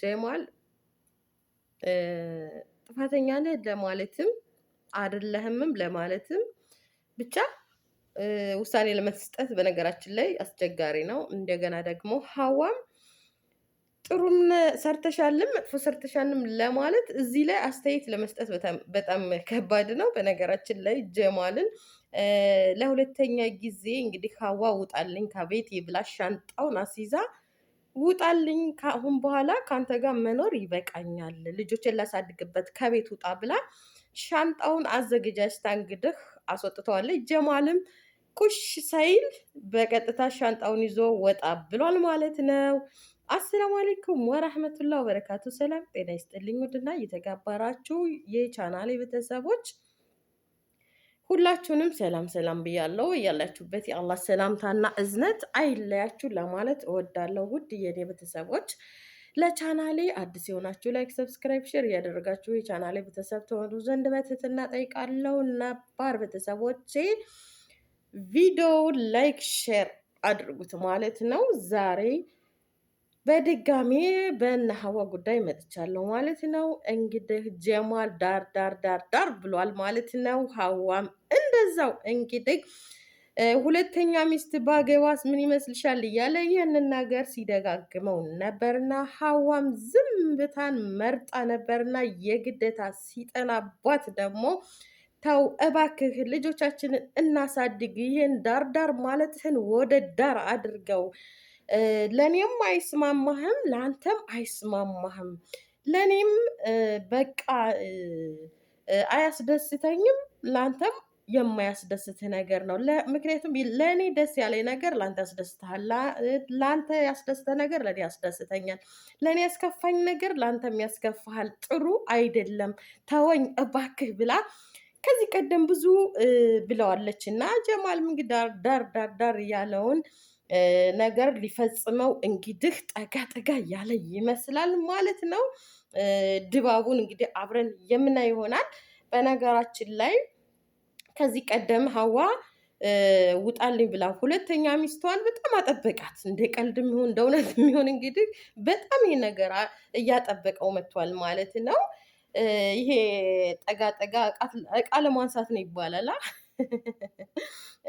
ጀማል ጥፋተኛ ነህ ለማለትም አይደለህምም ለማለትም ብቻ ውሳኔ ለመስጠት በነገራችን ላይ አስቸጋሪ ነው። እንደገና ደግሞ ሀዋም ጥሩም ሰርተሻልም መጥፎ ሰርተሻልም ለማለት እዚህ ላይ አስተያየት ለመስጠት በጣም ከባድ ነው። በነገራችን ላይ ጀማልን ለሁለተኛ ጊዜ እንግዲህ ሀዋ ውጣልኝ ከቤት የብላ ሻንጣውን አስይዛ ውጣልኝ ከአሁን በኋላ ከአንተ ጋር መኖር ይበቃኛል፣ ልጆችን ላሳድግበት ከቤት ውጣ ብላ ሻንጣውን አዘገጃጅታ እንግዲህ አስወጥተዋለች። ጀማልም ቁሽ ሳይል በቀጥታ ሻንጣውን ይዞ ወጣ ብሏል ማለት ነው። አሰላሙ አለይኩም ወራህመቱላህ ወበረካቱ። ሰላም ጤና ይስጥልኝ ውድና እየተጋባራችሁ የቻናሌ ቤተሰቦች ሁላችሁንም ሰላም ሰላም ብያለሁ። እያላችሁበት የአላህ ሰላምታና እዝነት አይለያችሁ ለማለት እወዳለሁ። ውድ የኔ ቤተሰቦች ለቻናሌ አዲስ የሆናችሁ ላይክ፣ ሰብስክራይብ፣ ሼር እያደረጋችሁ የቻናሌ ቤተሰብ ተሆኑ ዘንድ በትህትና ጠይቃለሁ። ነባር ቤተሰቦቼ ቪዲዮ ላይክ፣ ሼር አድርጉት ማለት ነው። ዛሬ በድጋሜ በነሀዋ ጉዳይ መጥቻለሁ ማለት ነው። እንግዲህ ጀማል ዳር ዳር ዳር ዳር ብሏል ማለት ነው። ሀዋም እንደዛው እንግዲህ ሁለተኛ ሚስት ባገባስ ምን ይመስልሻል እያለ ይህንን ነገር ሲደጋግመው ነበርና ሀዋም ዝምብታን መርጣ ነበርና የግደታ ሲጠናባት ደግሞ ተው እባክህ ልጆቻችንን እናሳድግ፣ ይህን ዳርዳር ማለትህን ወደ ዳር አድርገው፣ ለእኔም አይስማማህም ለአንተም አይስማማህም፣ ለእኔም በቃ አያስደስተኝም ለአንተም የማያስደስት ነገር ነው። ምክንያቱም ለእኔ ደስ ያለ ነገር ለአንተ ያስደስትሃል፣ ለአንተ ያስደስተ ነገር ለእኔ ያስደስተኛል፣ ለእኔ ያስከፋኝ ነገር ለአንተ ያስከፋሃል። ጥሩ አይደለም፣ ተወኝ እባክህ ብላ ከዚህ ቀደም ብዙ ብለዋለች እና ጀማል እንግዲህ ዳር ዳር ዳር ያለውን ነገር ሊፈጽመው እንግዲህ ጠጋ ጠጋ ያለ ይመስላል ማለት ነው። ድባቡን እንግዲህ አብረን የምናይ ይሆናል። በነገራችን ላይ ከዚህ ቀደም ሀዋ ውጣልኝ ብላ ሁለተኛ ሚስቷን በጣም አጠበቃት። እንደ ቀልድ የሚሆን እንደ እውነት የሚሆን እንግዲህ በጣም ይሄ ነገር እያጠበቀው መጥቷል ማለት ነው። ይሄ ጠጋ ጠጋ እቃ ለማንሳት ነው ይባላል።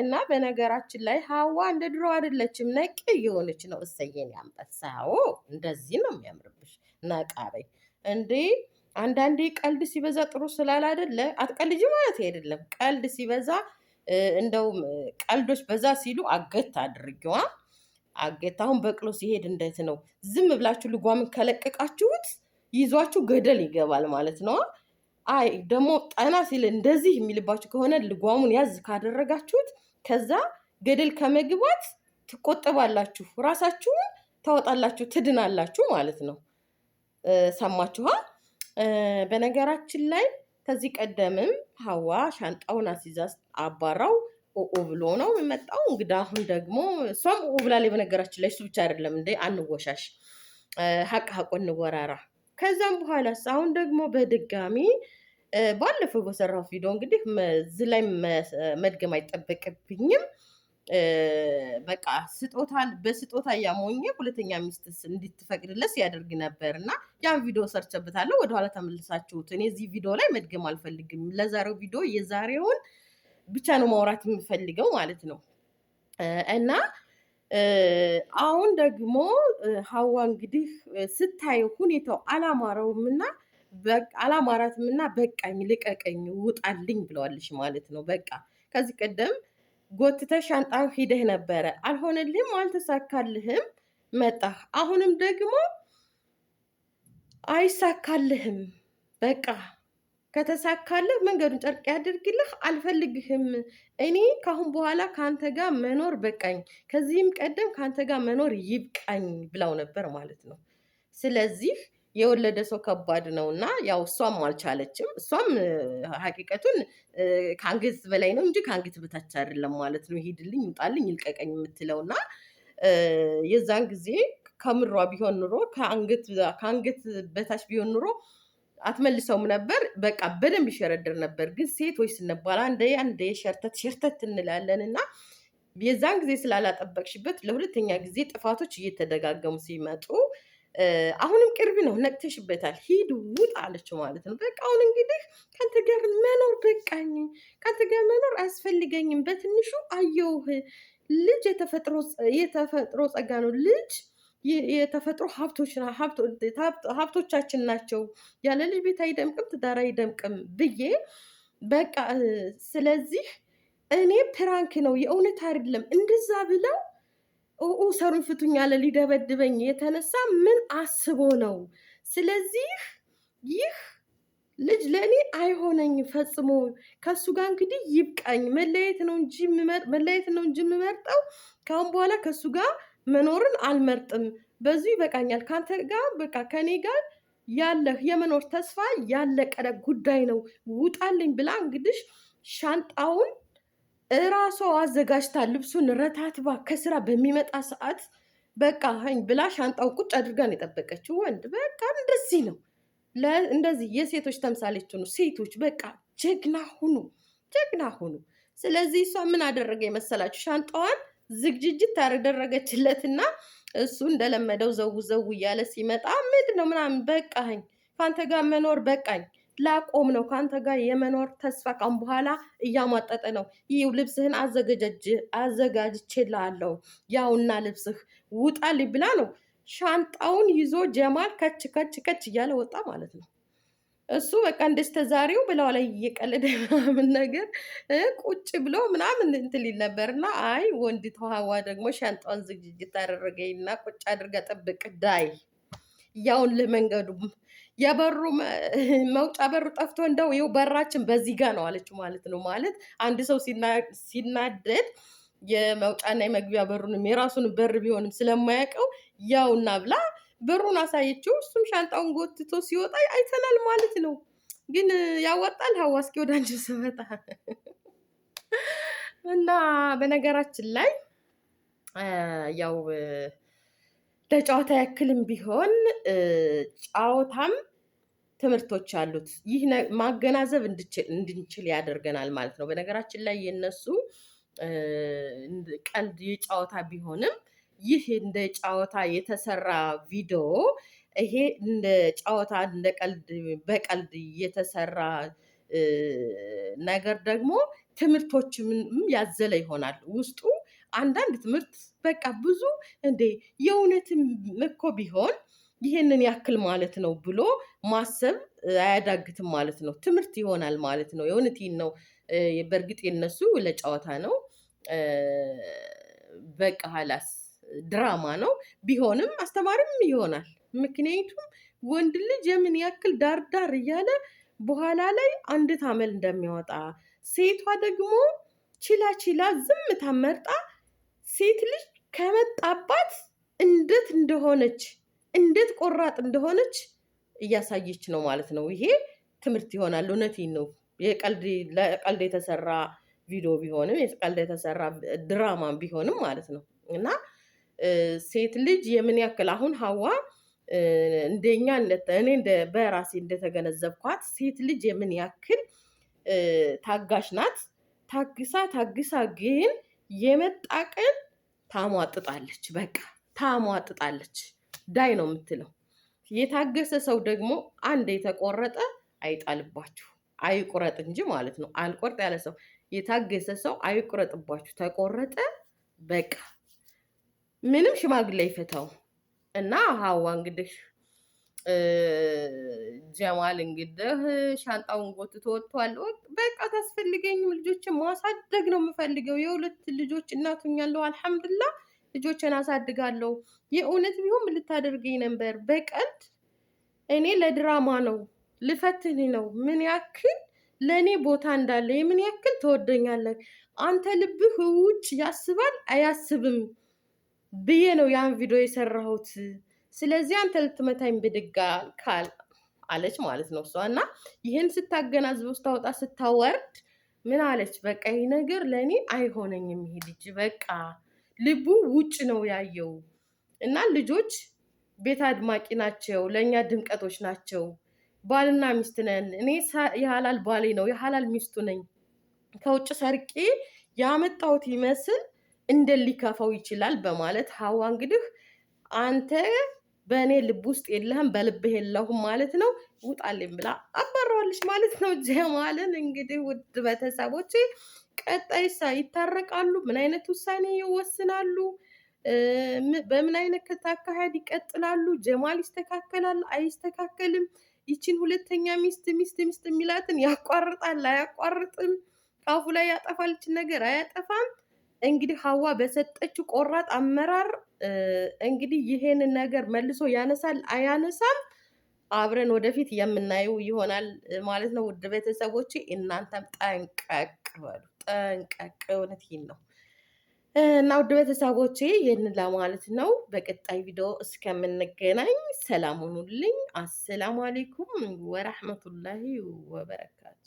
እና በነገራችን ላይ ሀዋ እንደ ድሮ አይደለችም፣ ነቄ እየሆነች ነው። እሰየን ያንበሳው እንደዚህ ነው የሚያምርብሽ ነቃበይ እንዴ አንዳንዴ ቀልድ ሲበዛ ጥሩ ስላል አይደለ አትቀልጅ ማለት አይደለም። ቀልድ ሲበዛ እንደውም ቀልዶች በዛ ሲሉ አገት አድርጊዋ አገት። አሁን በቅሎ ሲሄድ እንዴት ነው? ዝም ብላችሁ ልጓምን ከለቀቃችሁት ይዟችሁ ገደል ይገባል ማለት ነው። አይ ደግሞ ጠና ሲል እንደዚህ የሚልባችሁ ከሆነ ልጓሙን ያዝ ካደረጋችሁት ከዛ ገደል ከመግባት ትቆጠባላችሁ፣ ራሳችሁን ታወጣላችሁ፣ ትድናላችሁ ማለት ነው። ሰማችኋ? በነገራችን ላይ ከዚህ ቀደምም ሀዋ ሻንጣውን አስይዛ አባራው ኦኦ ብሎ ነው የመጣው። እንግዳ አሁን ደግሞ እሷም ኦኦ ብላ ላይ በነገራችን ላይ እሱ ብቻ አይደለም እንደ አንወሻሽ ሀቅ ሀቆ እንወራራ። ከዛም በኋላ አሁን ደግሞ በድጋሚ ባለፈው በሰራው ቪዲዮ እንግዲህ እዚህ ላይ መድገም አይጠበቅብኝም። በቃ ስጦታ በስጦታ እያሞኘ ሁለተኛ ሚስት እንድትፈቅድለት ያደርግ ነበር እና ያን ቪዲዮ ሰርቸበታለሁ። ወደኋላ ተመልሳችሁት። እኔ እዚህ ቪዲዮ ላይ መድገም አልፈልግም። ለዛሬው ቪዲዮ የዛሬውን ብቻ ነው ማውራት የምፈልገው ማለት ነው እና አሁን ደግሞ ሀዋ እንግዲህ ስታየው ሁኔታው አላማረውም እና አላማራትም እና በቃኝ፣ ልቀቀኝ፣ ውጣልኝ ብለዋለች ማለት ነው። በቃ ከዚህ ቀደም ጎትተ ሻንጣን ሂደህ ነበረ፣ አልሆነልህም፣ አልተሳካልህም፣ መጣህ። አሁንም ደግሞ አይሳካልህም። በቃ ከተሳካልህ መንገዱን ጨርቅ ያደርግልህ። አልፈልግህም። እኔ ከአሁን በኋላ ከአንተ ጋር መኖር በቃኝ፣ ከዚህም ቀደም ከአንተ ጋር መኖር ይብቃኝ ብለው ነበር ማለት ነው። ስለዚህ የወለደ ሰው ከባድ ነው እና ያው እሷም አልቻለችም። እሷም ሀቂቀቱን ከአንገት በላይ ነው እንጂ ከአንገት በታች አይደለም ማለት ነው። ይሄድልኝ፣ ይውጣልኝ፣ ይልቀቀኝ የምትለው እና የዛን ጊዜ ከምሯ ቢሆን ኑሮ ከአንገት በታች ቢሆን ኑሮ አትመልሰውም ነበር። በቃ በደንብ ይሸረድር ነበር። ግን ሴቶች ስንባል አንዴ አንዴ ሸርተት ሸርተት እንላለን እና የዛን ጊዜ ስላላጠበቅሽበት ለሁለተኛ ጊዜ ጥፋቶች እየተደጋገሙ ሲመጡ አሁንም ቅርብ ነው፣ ነቅተሽበታል፣ ሂድ ውጥ አለችው ማለት ነው። በቃ አሁን እንግዲህ ከአንተ ጋር መኖር በቃኝ፣ ከአንተ ጋር መኖር አያስፈልገኝም። በትንሹ አየውህ። ልጅ የተፈጥሮ ጸጋ ነው። ልጅ የተፈጥሮ ሀብቶቻችን ናቸው። ያለ ልጅ ቤት አይደምቅም፣ ትዳር አይደምቅም ብዬ በቃ ስለዚህ እኔ ፕራንክ ነው የእውነት አይደለም እንደዛ ብለው ሰሩን ፍቱኝ አለ ሊደበድበኝ የተነሳ ምን አስቦ ነው? ስለዚህ ይህ ልጅ ለእኔ አይሆነኝ ፈጽሞ። ከሱ ጋር እንግዲህ ይብቃኝ። መለየት ነው እንጂ መለየት ነው እንጂ የምመርጠው ካሁን በኋላ ከሱ ጋር መኖርን አልመርጥም። በዚሁ ይበቃኛል። ከአንተ ጋር በቃ ከእኔ ጋር ያለህ የመኖር ተስፋ ያለቀደ ጉዳይ ነው። ውጣልኝ ብላ እንግዲህ ሻንጣውን እራሷ አዘጋጅታ ልብሱን ረታትባ ከስራ በሚመጣ ሰዓት በቃ ሀኝ ብላ ሻንጣው ቁጭ አድርጋን የጠበቀችው ወንድ በቃ እንደዚህ ነው። እንደዚህ የሴቶች ተምሳሌች ሆኑ። ሴቶች በቃ ጀግና ሁኑ፣ ጀግና ሁኑ። ስለዚህ እሷ ምን አደረገ የመሰላችሁ? ሻንጣዋን ዝግጅት ታደረገችለትና እሱ እንደለመደው ዘው ዘው እያለ ሲመጣ ምንድን ነው ምናምን በቃ ሀኝ ከአንተ ጋር መኖር በቃኝ ላቆም ነው ከአንተ ጋር የመኖር ተስፋ ቀን በኋላ እያሟጠጠ ነው። ይህ ልብስህን አዘጋጅቼልሃለሁ፣ ያውና ልብስህ ውጣልኝ ብላ ነው። ሻንጣውን ይዞ ጀማል ከች ከች ከች እያለ ወጣ ማለት ነው። እሱ በቃ እንደስተዛሬው ብለው ላይ እየቀለደ ምናምን ነገር ቁጭ ብሎ ምናምን እንትን ሊል ነበር እና አይ ወንድ ተዋዋ ደግሞ ሻንጣውን ዝግጅት አደረገኝና ቁጭ አድርጋ ጠብቅ ዳይ ያውን ለመንገዱም የበሩ መውጫ በሩ ጠፍቶ እንደው ይኸው በራችን በዚህ ጋ ነው አለች ማለት ነው። ማለት አንድ ሰው ሲናደድ የመውጫና የመግቢያ በሩንም የራሱን በር ቢሆንም ስለማያውቀው ያውና ብላ በሩን አሳየችው። እሱም ሻንጣውን ጎትቶ ሲወጣ አይተናል ማለት ነው። ግን ያወጣል ሀዋ እስኪ ወደ አንቺ ስመጣ እና በነገራችን ላይ ያው ለጨዋታ ያክልም ቢሆን ጨዋታም ትምህርቶች አሉት። ይህ ማገናዘብ እንድንችል ያደርገናል ማለት ነው። በነገራችን ላይ የነሱ ቀልድ የጨዋታ ቢሆንም ይህ እንደ ጨዋታ የተሰራ ቪዲዮ ይሄ እንደ ጨዋታ እንደ ቀልድ በቀልድ የተሰራ ነገር ደግሞ ትምህርቶችም ያዘለ ይሆናል ውስጡ አንዳንድ ትምህርት በቃ ብዙ እንዴ የእውነትም እኮ ቢሆን ይሄንን ያክል ማለት ነው ብሎ ማሰብ አያዳግትም ማለት ነው። ትምህርት ይሆናል ማለት ነው። ይህን ነው። በእርግጥ የነሱ ለጨዋታ ነው። በቃ ሀላስ ድራማ ነው ቢሆንም አስተማሪም ይሆናል። ምክንያቱም ወንድ ልጅ የምን ያክል ዳርዳር እያለ በኋላ ላይ አንድ ታመል እንደሚወጣ ሴቷ ደግሞ ችላ ችላ ዝምታ መርጣ ሴት ልጅ ከመጣባት እንዴት እንደሆነች እንዴት ቆራጥ እንደሆነች እያሳየች ነው ማለት ነው። ይሄ ትምህርት ይሆናል። እውነቴን ነው። ለቀልድ የተሰራ ቪዲዮ ቢሆንም የቀልድ የተሰራ ድራማ ቢሆንም ማለት ነው እና ሴት ልጅ የምን ያክል አሁን ሀዋ እንደኛ እኔ በራሴ እንደተገነዘብኳት ሴት ልጅ የምን ያክል ታጋሽ ናት። ታግሳ ታግሳ ግን የመጣ ቀን ታሟጥጣለች። በቃ ታሟጥጣለች። ዳይ ነው የምትለው። የታገሰ ሰው ደግሞ አንድ የተቆረጠ አይጣልባችሁ አይቁረጥ እንጂ ማለት ነው። አልቆርጥ ያለ ሰው የታገሰ ሰው አይቁረጥባችሁ። ተቆረጠ በቃ ምንም ሽማግሌ አይፈታው እና ሀዋ እንግዲህ ጀማል እንግዲህ ሻንጣውን ጎትቶ ወጥቷል። በቃ ታስፈልገኝም ልጆችን ማሳደግ ነው የምፈልገው። የሁለት ልጆች እናቱኛለው ያለው አልሐምዱላ ልጆችን አሳድጋለሁ። የእውነት ቢሆን ልታደርገኝ ነበር። በቀልድ እኔ ለድራማ ነው ልፈትን ነው ምን ያክል ለእኔ ቦታ እንዳለ የምን ያክል ተወደኛለህ አንተ ልብህ ውጭ ያስባል አያስብም ብዬ ነው ያን ቪዲዮ የሰራሁት። ስለዚህ አንተ ልትመታኝ ብድግ ካል አለች ማለት ነው እሷ እና ይህን ስታገናዝበው ስታወጣ ስታወርድ ምን አለች? በቃ ይህ ነገር ለእኔ አይሆነኝም። ይሄ ልጅ በቃ ልቡ ውጭ ነው ያየው እና ልጆች ቤት አድማቂ ናቸው፣ ለእኛ ድምቀቶች ናቸው። ባልና ሚስት ነን። እኔ የሀላል ባሌ ነው፣ የሀላል ሚስቱ ነኝ። ከውጭ ሰርቄ ያመጣሁት ይመስል እንደ ሊከፋው ይችላል በማለት ሀዋ እንግዲህ አንተ በእኔ ልብ ውስጥ የለህም በልብህ የለሁም ማለት ነው። ውጣልኝ ብላ አባረዋለች ማለት ነው። ጀማልን እንግዲህ ውድ ቀጣይ ቀጣይሳ ይታረቃሉ? ምን አይነት ውሳኔ ይወስናሉ? በምን አይነት አካሄድ ይቀጥላሉ? ጀማል ይስተካከላል አይስተካከልም? ይችን ሁለተኛ ሚስት ሚስት ሚስት የሚላትን ያቋርጣል አያቋርጥም? ካፉ ላይ ያጠፋልችን ነገር አያጠፋም? እንግዲህ ሀዋ በሰጠችው ቆራጥ አመራር እንግዲህ ይሄንን ነገር መልሶ ያነሳል አያነሳም፣ አብረን ወደፊት የምናየው ይሆናል ማለት ነው። ውድ ቤተሰቦች እናንተም ጠንቀቅ በሉ፣ ጠንቀቅ እውነት ይህን ነው እና ውድ ቤተሰቦች ይህን ለማለት ነው። በቀጣይ ቪዲዮ እስከምንገናኝ ሰላም ሁኑልኝ። አሰላሙ አሌይኩም ወረሕመቱላሂ ወበረካቱ።